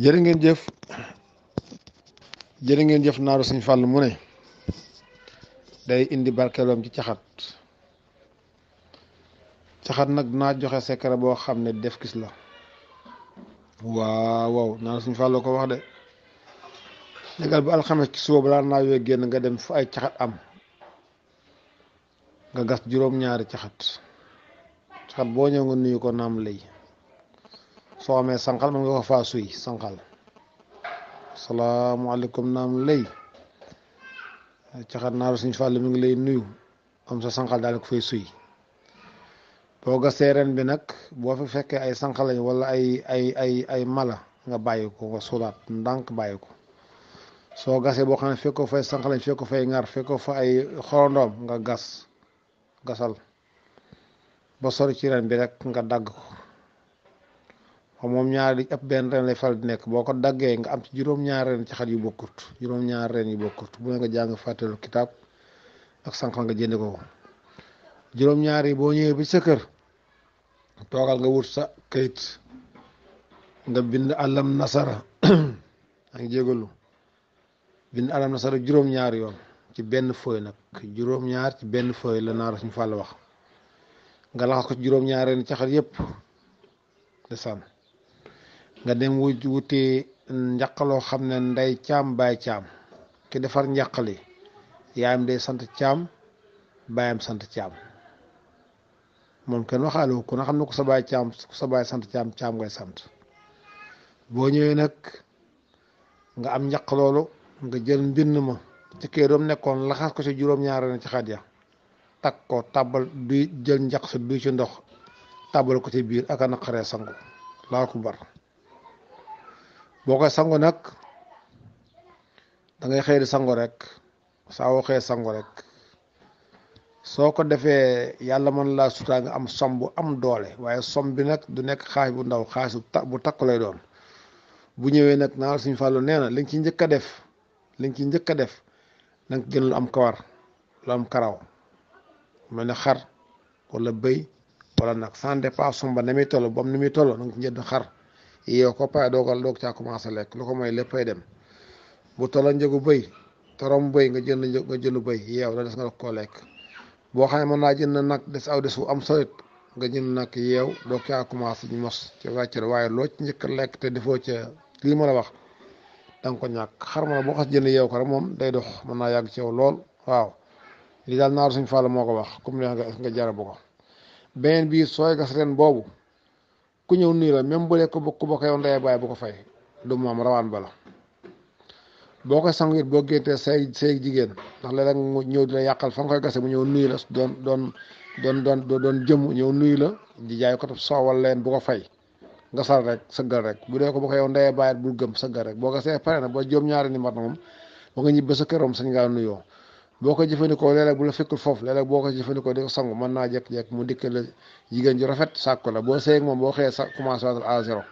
jërë ngeen jëf jërë ngeen jëf naaru Sëñ Fàll mu ne day indi barkelom ci caxat caxat nag naa joxe secret boo xam ne def gis la waaw waaw naaru Sëñ Fàll ko wax de legal bu alxames ci suba balaa naa génn nga dem fu ay caxat am nga gas juróom-ñaari caxat caxat boo ñëw nga nuyu ko naam lay soo amee sànqal mën nga ko faa suy sànqal salaamualeykum naam lay caxat naaru suñ fàll mu ngi lay nuyu am sa sànqal daal ko fay suy boo gasee ren bi nag boo fi fekkee ay sànqal lañ wala ay ay ay ay mala nga bàyyi ko nga sulaat ndànk bàyyi ko soo gasee boo xam ne fekk ko fay sànqal lañ ko fay ngar fekk ko fa ay xorondoom nga gas gasal ba sori ci ren bi rek nga dagg ko moom ñaari ëpp benn ren lay fal di nekk boo ko daggee nga am ci juróom-ñaar ren ci xar yu bokkut juróom-ñaar ren yu bokkut bu ne nga jàng fàttelu kitaab ak sànqal nga jënd ko juróom-ñaar yi boo ñëwee bi sa kër toogal nga wut sa kayit nga bind alam nasara ak ngi jégalu bind alam nasara juróom-ñaar yoon ci benn fooy nag juróom-ñaar ci benn fooy la naar suñu fàll wax nga laxas ko ci juróom-ñaar ren ci xar yépp de sànn nga dem wuti wutee njaqaloo xam ne ndey caam baay caam ki defar njaqali yaayam day sant caam baayam sant caam moom kenn waxaale ko na xam ne ku sa baay caam ku sa baay sant caam ngay sant boo ñëwee nag nga am njaq loolu nga jël mbind ma ci kër doom nekkoon laxas ko ci juróom-ñaari na ci xat ya takk ko tàbbal du jël njaq su du ci ndox tàbbal ko ci biir ak a naqaree sangu laa ko bar boo koy sangu nag dangay ngay xëy di sangu rek saa woo xëy sangu rek soo ko defee yàlla mën laa sutaa nga am som bu am doole waaye som bi nag du nekk xaalis bu ndaw xaalis bu takku lay doon bu ñëwee nag naa suñ fàllu nee na li nga ci njëkk a def li nga ci njëkk a def na nga lu am kawar lu am karaw mel ne xar wala bëy wala nag sans dépasse som ba na muy toll ba am ni muy toll na nga ci njëdd xar yow ko pay doogal doog caa commencé lekk lu ko mooy léppay dem bu tola njëgu bëy torom bëy nga jënd nga jënd bëy yeew la des nga dog koo lekk boo xam ne mën naa jënd nag des aw des am solit nga jënd nag yeew doog caa commencé ñu mos ci wàccere waaye loo ci lekk te defoo ca lii ma la wax da nga xar ma boo xas jënd yeew ko rek moom day dox mën naa yàgg lool waaw lii daal naaru suñ fàll moo ko wax comme neex nga nga jarabu ko beneen bii sooy gas ren boobu ku ñëw nuyu la même bu dee ku ku bokk yow ndey baay bu ko fay du moom rawaan bala boo koy sangu it boo géntee say say jigéen ndax léeg-léeg ñëw di la yàqal fa koy gase mu ñëw nuyu la doon doon doon doon doon jëmm ñëw nuyu la di jaay ko soowal leen bu ko fay nga sal rek sëggal rek bu dee ko bokk yow ndey baay bu gëm sëggal rek boo gasee pare na ba juróom-ñaari ni mat na moom ba nga ñibbe sa këroom sañ ngaa nuyoo boo koy jëfandikoo léeg-léeg bu la fekkul foofu léeg-léeg boo ko jëfandikoo di ko sangu mën naa jekk-jekk mu dikk la jigéen ju rafet sàkku la boo seeg moom boo xëyee sa commencé waatal